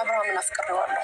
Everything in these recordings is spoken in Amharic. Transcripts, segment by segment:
አብርሃምን አፍቅሬዋለሁ።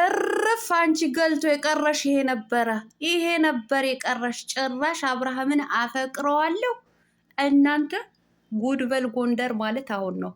እርፍ አንቺ ገልቶ የቀረሽ ይሄ ነበረ፣ ይሄ ነበር የቀረሽ። ጭራሽ አብርሃምን አፈቅረዋለሁ። እናንተ ጉድበል ጎንደር ማለት አሁን ነው።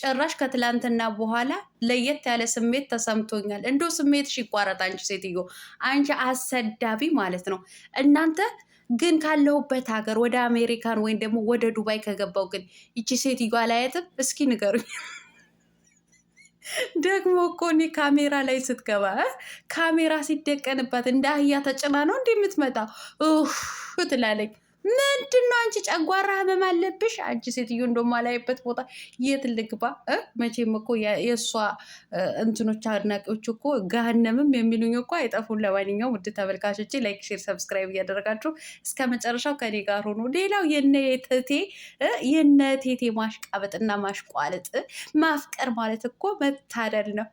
ጭራሽ ከትላንትና በኋላ ለየት ያለ ስሜት ተሰምቶኛል። እንደው ስሜትሽ ይቋረጥ አንቺ ሴትዮ፣ አንቺ አሰዳቢ ማለት ነው እናንተ ግን ካለሁበት ሀገር ወደ አሜሪካን ወይም ደግሞ ወደ ዱባይ ከገባው ግን ይቺ ሴትዮዋ አላያትም? እስኪ ንገሩኝ። ደግሞ እኮ እኔ ካሜራ ላይ ስትገባ ካሜራ ሲደቀንባት እንደ አህያ ተጭና ነው እንዲህ የምትመጣ ትላለች። ምንድን ነው አንቺ ጨጓራ ህመም አለብሽ? አንቺ ሴትዮ አላይበት ቦታ የት ልግባ? መቼም እኮ የእሷ እንትኖች አድናቂዎች እኮ ገሃነምም የሚሉኝ እኮ አይጠፉን። ለማንኛውም ውድ ተመልካቾች ላይክ፣ ሼር፣ ሰብስክራይብ እያደረጋችሁ እስከ መጨረሻው ከኔ ጋር ሆኖ ሌላው የነ የነ ቴቴ ማሽቃበጥና ማሽቋለጥ ማፍቀር ማለት እኮ መታደል ነው።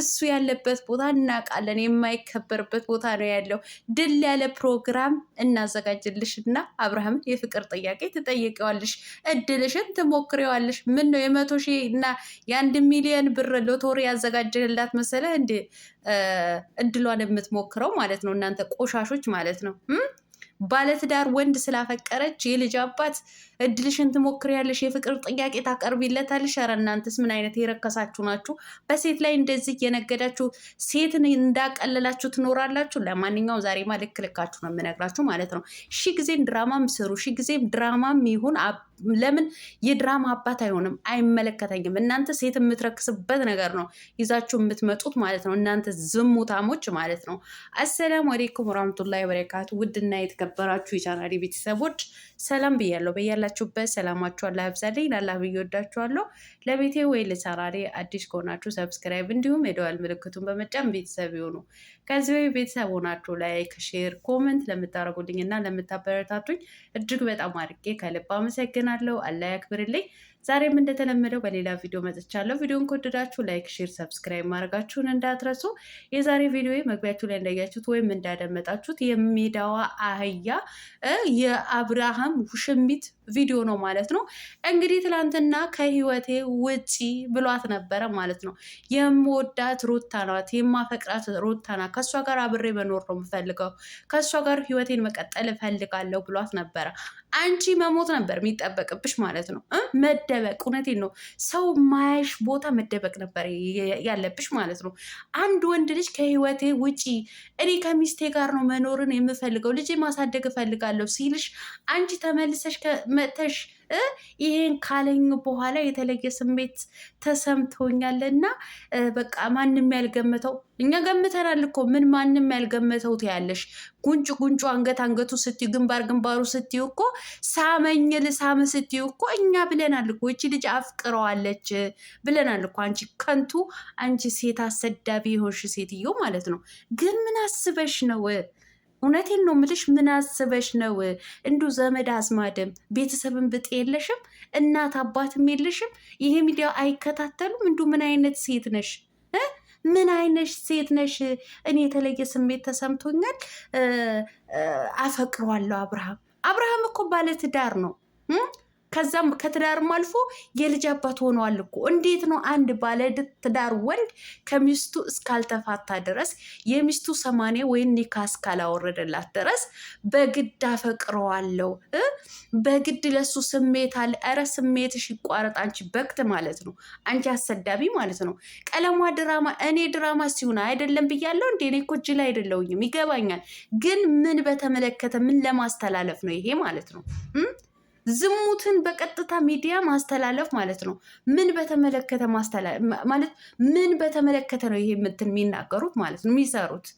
እሱ ያለበት ቦታ እናውቃለን፣ የማይከበርበት ቦታ ነው ያለው። ድል ያለ ፕሮግራም እናዘጋጅልሽና አብርሃምን የፍቅር ጥያቄ ትጠይቀዋለሽ፣ እድልሽን ትሞክሪዋለሽ። ምን ነው የመቶ ሺ እና የአንድ ሚሊዮን ብር ሎቶሪ ያዘጋጀላት መሰለ እንደ እድሏን የምትሞክረው ማለት ነው። እናንተ ቆሻሾች ማለት ነው። ባለትዳር ወንድ ስላፈቀረች የልጅ አባት እድልሽን ትሞክሪያለሽ፣ የፍቅር ጥያቄ ታቀርቢለታለሽ። ኧረ እናንተስ ምን አይነት የረከሳችሁ ናችሁ? በሴት ላይ እንደዚህ እየነገዳችሁ ሴትን እንዳቀለላችሁ ትኖራላችሁ። ለማንኛውም ዛሬማ ልክ ልካችሁ ነው የምነግራችሁ ማለት ነው። ሺ ጊዜም ድራማም ስሩ፣ ሺ ጊዜም ድራማም ይሁን ለምን የድራማ አባት አይሆንም? አይመለከተኝም። እናንተ ሴት የምትረክስበት ነገር ነው ይዛችሁ የምትመጡት ማለት ነው። እናንተ ዝሙታሞች ማለት ነው። አሰላሙ አሌይኩም ወራህመቱላሂ ወበረካቱ። ውድና የተከበራችሁ የቻናሌ ቤተሰቦች ሰላም ብያለሁ በያላ በያላችሁበት ሰላማችሁ አላህ ያብዛልኝ። ላላህ ብዬ ወዳችኋለሁ። ለቤቴ ወይ ለሰራሬ አዲስ ከሆናችሁ ሰብስክራይብ እንዲሁም የደወል ምልክቱን በመጫን ቤተሰብ ይሁኑ። ከዚህ ወይ ቤተሰብ ሆናችሁ ላይክ፣ ሼር፣ ኮመንት ለምታደርጉልኝ እና ለምታበረታቱኝ እጅግ በጣም አድርጌ ከልብ አመሰግናለሁ። አላህ ያክብርልኝ። ዛሬም እንደተለመደው በሌላ ቪዲዮ መጥቻለሁ። ቪዲዮን ከወደዳችሁ ላይክ፣ ሼር፣ ሰብስክራይብ ማድረጋችሁን እንዳትረሱ። የዛሬ ቪዲዮ መግቢያችሁ ላይ እንዳያችሁት ወይም እንዳደመጣችሁት የሜዳዋ አህያ የአብርሃም ውሽሚት ቪዲዮ ነው ማለት ነው። እንግዲህ ትላንትና ከህይወቴ ውጪ ብሏት ነበረ ማለት ነው። የምወዳት ሩታ ናት፣ የማፈቅራት ሩታ ናት። ከእሷ ጋር አብሬ መኖር ነው የምፈልገው፣ ከእሷ ጋር ህይወቴን መቀጠል እፈልጋለሁ ብሏት ነበረ። አንቺ መሞት ነበር የሚጠበቅብሽ ማለት ነው። መደበቅ እውነቴን ነው። ሰው ማያሽ ቦታ መደበቅ ነበር ያለብሽ ማለት ነው። አንድ ወንድ ልጅ ከህይወቴ ውጪ እኔ ከሚስቴ ጋር ነው መኖርን የምፈልገው ልጅ ማሳደግ እፈልጋለሁ ሲልሽ አንቺ ተመልሰሽ መተሽ ይሄን ካለኝ በኋላ የተለየ ስሜት ተሰምቶኛል እና በቃ ማንም ያልገመተው እኛ ገምተናል እኮ ምን ማንም ያልገመተው ትያለሽ። ጉንጭ ጉንጩ፣ አንገት አንገቱ ስትዩ፣ ግንባር ግንባሩ ስትዩ እኮ ሳመኝ ልሳም ስትዩ እኮ እኛ ብለናል እኮ እቺ ልጅ አፍቅረዋለች ብለናል እኮ። አንቺ ከንቱ፣ አንቺ ሴት አሰዳቢ የሆንሽ ሴትዮ ማለት ነው። ግን ምን አስበሽ ነው እውነቴን ነው ምልሽ። ምን አስበሽ ነው እንዱ ዘመድ አዝማድም ቤተሰብን ብጥ የለሽም፣ እናት አባትም የለሽም። ይሄ ሚዲያ አይከታተሉም። እንዱ ምን አይነት ሴት ነሽ? ምን አይነት ሴት ነሽ? እኔ የተለየ ስሜት ተሰምቶኛል። አፈቅሯለሁ አብርሃም አብርሃም እኮ ባለትዳር ነው። ከዛም ከትዳርም አልፎ የልጅ አባት ሆኗል እኮ። እንዴት ነው አንድ ባለ ትዳር ወንድ ከሚስቱ እስካልተፋታ ድረስ የሚስቱ ሰማኔ ወይም ኒካ እስካላወረደላት ድረስ በግድ አፈቅረዋለው በግድ ለሱ ስሜት አለ። ኧረ ስሜትሽ ይቋረጥ አንቺ በክት ማለት ነው፣ አንቺ አሰዳቢ ማለት ነው። ቀለሟ ድራማ እኔ ድራማ ሲሆን አይደለም ብያለው እንዴ? እኔ እኮ ጅል አይደለውኝም፣ ይገባኛል። ግን ምን በተመለከተ ምን ለማስተላለፍ ነው ይሄ ማለት ነው? ዝሙትን በቀጥታ ሚዲያ ማስተላለፍ ማለት ነው። ምን በተመለከተ ማለት ምን በተመለከተ ነው ይሄ ምትን የሚናገሩት ማለት ነው የሚሰሩት።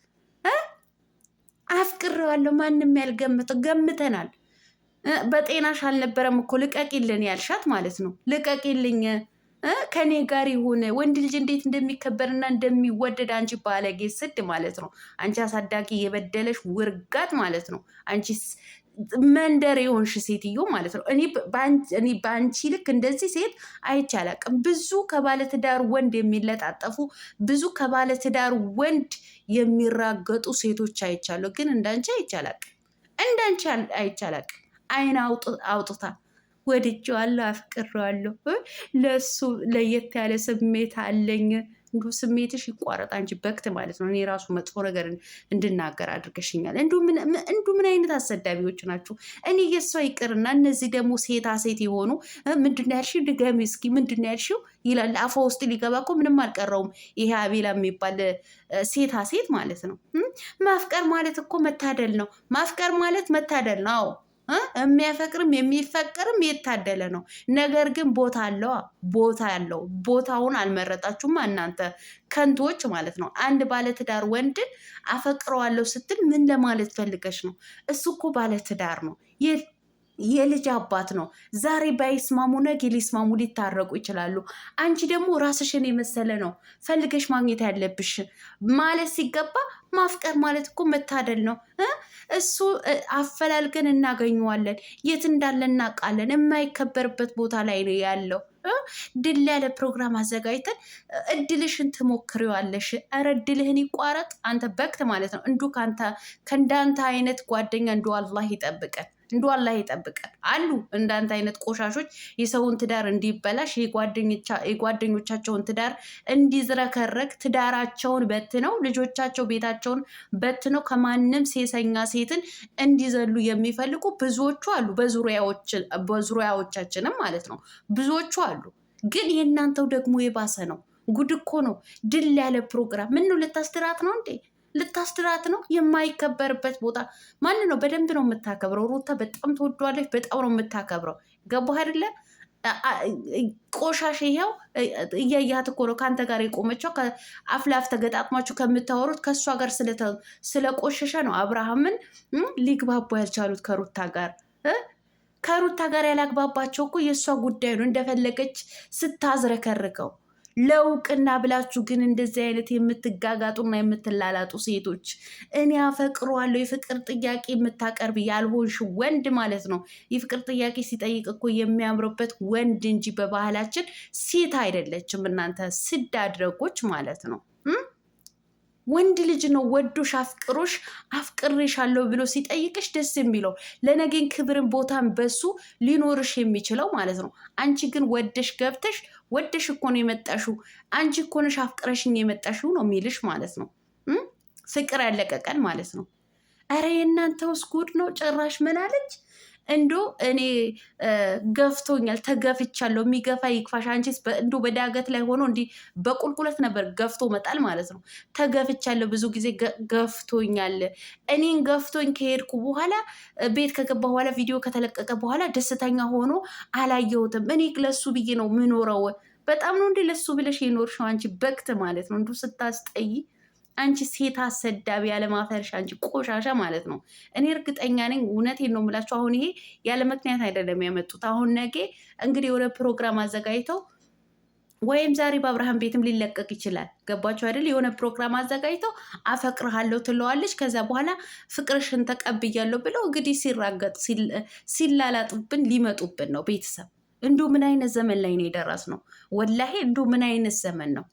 አፍቅሬዋለሁ ማንም ያልገምጥ ገምተናል። በጤናሽ አልነበረም እኮ ልቀቂልን ያልሻት ማለት ነው። ልቀቂልኝ ከኔ ጋር የሆነ ወንድ ልጅ እንዴት እንደሚከበርና እንደሚወደድ አንቺ ባለጌ ስድ ማለት ነው። አንቺ አሳዳጊ የበደለሽ ውርጋት ማለት ነው። አንቺ መንደር የሆንሽ ሴትዮ ማለት ነው። እኔ በአንቺ ልክ እንደዚህ ሴት አይቼ አላቅም። ብዙ ከባለትዳር ወንድ የሚለጣጠፉ ብዙ ከባለትዳር ወንድ የሚራገጡ ሴቶች አይቻለሁ፣ ግን እንዳንቺ አይቼ አላቅም። እንዳንቺ አይቼ አላቅም። አይን አውጥታ ወድጄዋለሁ፣ አፍቅሬዋለሁ፣ ለሱ ለየት ያለ ስሜት አለኝ እንዱ ስሜትሽ ይቋረጥ። አንቺ በክት ማለት ነው። እኔ ራሱ መጥፎ ነገር እንድናገር አድርገሽኛል። እንዱ ምን አይነት አሰዳቢዎች ናችሁ? እኔ የእሷ ይቅርና እነዚህ ደግሞ ሴታ ሴት የሆኑ ምንድን ያልሽው ድገሚ እስኪ ምንድን ያልሽው ይላል። አፏ ውስጥ ሊገባ እኮ ምንም አልቀረውም። ይሄ አቤላ የሚባል ሴታ ሴት ማለት ነው። ማፍቀር ማለት እኮ መታደል ነው። ማፍቀር ማለት መታደል ነው። አዎ የሚያፈቅርም የሚፈቅርም የታደለ ነው። ነገር ግን ቦታ አለው ቦታ ያለው ቦታውን አልመረጣችሁም እናንተ ከንቶች ማለት ነው። አንድ ባለትዳር ወንድን አፈቅረዋለሁ ስትል ምን ለማለት ፈልገች ነው? እሱ እኮ ባለትዳር ነው። የልጅ አባት ነው። ዛሬ ባይስማሙ ነገ ሊስማሙ ሊታረቁ ይችላሉ። አንቺ ደግሞ ራስሽን የመሰለ ነው ፈልገሽ ማግኘት ያለብሽ ማለት ሲገባ ማፍቀር ማለት እኮ መታደል ነው። እሱ አፈላልገን እናገኘዋለን። የት እንዳለ እናውቃለን። የማይከበርበት ቦታ ላይ ነው ያለው። ድል ያለ ፕሮግራም አዘጋጅተን እድልሽን ትሞክሪዋለሽ። ኧረ እድልህን ይቋረጥ አንተ በክት ማለት ነው። እንዱ ከንዳንተ አይነት ጓደኛ እንዱ አላህ ይጠብቀን። እንዱ አላህ ይጠብቀን። አሉ እንዳንተ አይነት ቆሻሾች የሰውን ትዳር እንዲበላሽ የጓደኞቻቸውን ትዳር እንዲዝረከረክ ትዳራቸውን በትነው ልጆቻቸው ቤታቸውን በትነው ከማንም ሴሰኛ ሴትን እንዲዘሉ የሚፈልጉ ብዙዎቹ አሉ፣ በዙሪያዎቻችንም ማለት ነው ብዙዎቹ አሉ። ግን የእናንተው ደግሞ የባሰ ነው። ጉድ እኮ ነው። ድል ያለ ፕሮግራም ምን ልታስትራት ነው እንዴ? ልታስድራት ነው። የማይከበርበት ቦታ ማን ነው? በደንብ ነው የምታከብረው። ሩታ በጣም ትወዷለች፣ በጣም ነው የምታከብረው። ገባህ አይደለ? ቆሻሽ ያው እያያት እኮ ነው ከአንተ ጋር የቆመችው። አፍላፍ ተገጣጥማችሁ ከምታወሩት ከእሷ ጋር ስለቆሸሸ ነው አብርሃምን ሊግባቡ ያልቻሉት ከሩታ ጋር ከሩታ ጋር ያላግባባቸው እኮ የእሷ ጉዳይ ነው። እንደፈለገች ስታዝረከርከው ለውቅና ብላችሁ ግን እንደዚህ አይነት የምትጋጋጡና የምትላላጡ ሴቶች እኔ አፈቅረዋለሁ የፍቅር ጥያቄ የምታቀርብ ያልሆንሽ ወንድ ማለት ነው። የፍቅር ጥያቄ ሲጠይቅ እኮ የሚያምርበት ወንድ እንጂ በባህላችን ሴት አይደለችም። እናንተ ስድ አድረጎች ማለት ነው። ወንድ ልጅ ነው ወዶሽ አፍቅሮሽ አፍቅሬሻለሁ ብሎ ሲጠይቅሽ ደስ የሚለው ለነገን ክብርን ቦታን በሱ ሊኖርሽ የሚችለው ማለት ነው። አንቺ ግን ወደሽ ገብተሽ ወደሽ እኮ ነው የመጣሽው፣ አንቺ እኮ ነሽ አፍቅረሽኝ የመጣሽው ነው የሚልሽ ማለት ነው። ፍቅር ያለቀቀን ማለት ነው። ኧረ የእናንተውስ ጉድ ነው። ጭራሽ ምን አለች? እንዶ እኔ ገፍቶኛል፣ ተገፍቻለሁ። የሚገፋ ይግፋሽ። አንቺስ እንዶ በዳገት ላይ ሆኖ እንዲህ በቁልቁለት ነበር ገፍቶ መጣል ማለት ነው። ተገፍቻለሁ፣ ብዙ ጊዜ ገፍቶኛል። እኔን ገፍቶኝ ከሄድኩ በኋላ ቤት ከገባ በኋላ ቪዲዮ ከተለቀቀ በኋላ ደስተኛ ሆኖ አላየሁትም። እኔ ለሱ ብዬ ነው ምኖረው። በጣም ነው እንዴ ለሱ ብለሽ የኖርሽው አንቺ በግት ማለት ነው እንዱ ስታስጠይ አንቺ ሴት አሰዳቢ ያለማፈርሽ፣ አንቺ ቆሻሻ ማለት ነው። እኔ እርግጠኛ ነኝ፣ እውነቴን ነው የምላችሁ። አሁን ይሄ ያለ ምክንያት አይደለም ያመጡት። አሁን ነገ እንግዲህ የሆነ ፕሮግራም አዘጋጅተው ወይም ዛሬ በአብርሃም ቤትም ሊለቀቅ ይችላል። ገባችሁ አይደል? የሆነ ፕሮግራም አዘጋጅተው አፈቅርሃለሁ ትለዋለች። ከዛ በኋላ ፍቅርሽን ተቀብያለሁ ብለው እንግዲህ ሲራገጥ ሲላላጡብን ሊመጡብን ነው ቤተሰብ። እንዲሁ ምን አይነት ዘመን ላይ ነው የደረስነው? ወላሄ እንዲሁ ምን አይነት ዘመን ነው?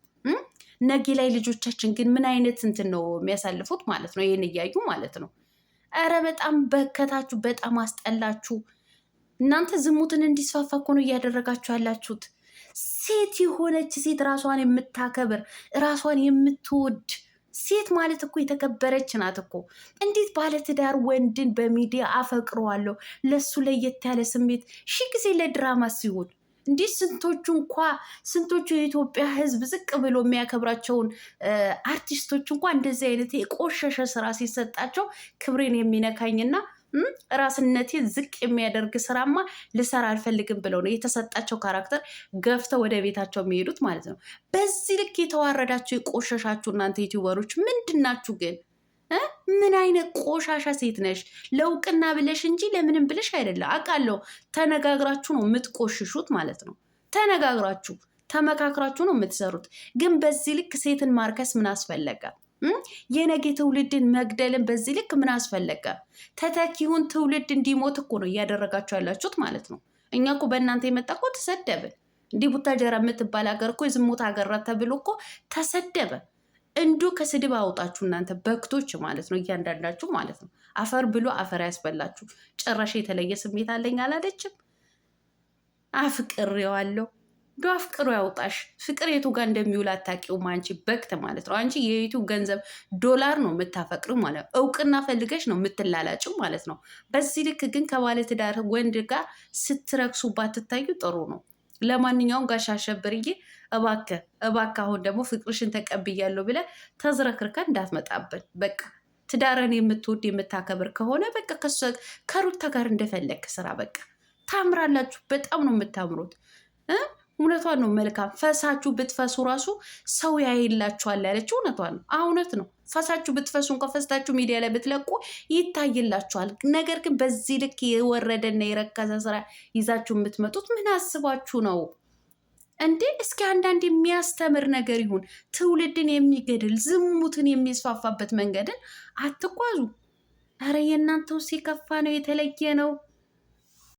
ነጌ ላይ ልጆቻችን ግን ምን አይነት እንትን ነው የሚያሳልፉት ማለት ነው? ይህን እያዩ ማለት ነው። ኧረ በጣም በከታችሁ፣ በጣም አስጠላችሁ። እናንተ ዝሙትን እንዲስፋፋ እኮ ነው እያደረጋችሁ ያላችሁት። ሴት የሆነች ሴት ራሷን የምታከብር ራሷን የምትወድ ሴት ማለት እኮ የተከበረች ናት እኮ። እንዴት ባለትዳር ወንድን በሚዲያ አፈቅረዋለሁ ለሱ ለየት ያለ ስሜት ሺ ጊዜ ለድራማ ሲሆን እንዲህ ስንቶቹ እንኳ ስንቶቹ የኢትዮጵያ ሕዝብ ዝቅ ብሎ የሚያከብራቸውን አርቲስቶች እንኳ እንደዚህ አይነት የቆሸሸ ስራ ሲሰጣቸው ክብሬን የሚነካኝና ራስነቴ ዝቅ የሚያደርግ ስራማ ልሰራ አልፈልግም ብለው ነው የተሰጣቸው ካራክተር ገፍተው ወደ ቤታቸው የሚሄዱት ማለት ነው። በዚህ ልክ የተዋረዳችሁ የቆሸሻችሁ እናንተ ዩቲዩበሮች ምንድናችሁ ግን? ምን አይነት ቆሻሻ ሴት ነሽ? ለእውቅና ብለሽ እንጂ ለምንም ብለሽ አይደለም። አውቃለሁ። ተነጋግራችሁ ነው የምትቆሽሹት ማለት ነው። ተነጋግራችሁ ተመካክራችሁ ነው የምትሰሩት። ግን በዚህ ልክ ሴትን ማርከስ ምን አስፈለገ? የነገ ትውልድን መግደልን በዚህ ልክ ምን አስፈለገ? ተተኪውን ትውልድ እንዲሞት እኮ ነው እያደረጋችሁ ያላችሁት ማለት ነው። እኛ እኮ በእናንተ የመጣ እኮ ተሰደብን። እንዲህ ቡታጀራ የምትባል ሀገር እኮ የዝሙት ሀገር ተብሎ እኮ ተሰደበ። እንዱ ከስድብ አውጣችሁ እናንተ በክቶች ማለት ነው፣ እያንዳንዳችሁ ማለት ነው። አፈር ብሎ አፈር ያስበላችሁ። ጭራሽ የተለየ ስሜት አለኝ አላለችም። አፍቅሬዋለሁ ዶ አፍቅሮ ያውጣሽ። ፍቅር የቱ ጋር እንደሚውል አታውቂውም አንቺ በክት ማለት ነው። አንቺ የዩቱብ ገንዘብ ዶላር ነው የምታፈቅሪው ማለት ነው። እውቅና ፈልገሽ ነው የምትላላጭው ማለት ነው። በዚህ ልክ ግን ከባለትዳር ወንድ ጋር ስትረክሱ ባትታዩ ጥሩ ነው። ለማንኛውም ጋሻ አሸብርዬ እባከ እባከ አሁን ደግሞ ፍቅርሽን ተቀብያለሁ ብለ ተዝረክርከ እንዳትመጣብን። በቃ ትዳረን የምትወድ የምታከብር ከሆነ በቃ ከሩታ ጋር እንደፈለግ ስራ። በቃ ታምራላችሁ፣ በጣም ነው የምታምሩት። እውነቷን ነው። መልካም ፈሳችሁ ብትፈሱ ራሱ ሰው ያይላችኋል ያለችው እውነቷን ነው። እውነት ነው። ፈሳችሁ ብትፈሱ እንኳ ፈስታችሁ ሚዲያ ላይ ብትለቁ ይታይላችኋል። ነገር ግን በዚህ ልክ የወረደና የረከሰ ስራ ይዛችሁ የምትመጡት ምን አስባችሁ ነው እንዴ? እስኪ አንዳንድ የሚያስተምር ነገር ይሁን። ትውልድን የሚገድል ዝሙትን የሚስፋፋበት መንገድን አትጓዙ። ኧረ የእናንተው የከፋ ነው፣ የተለየ ነው።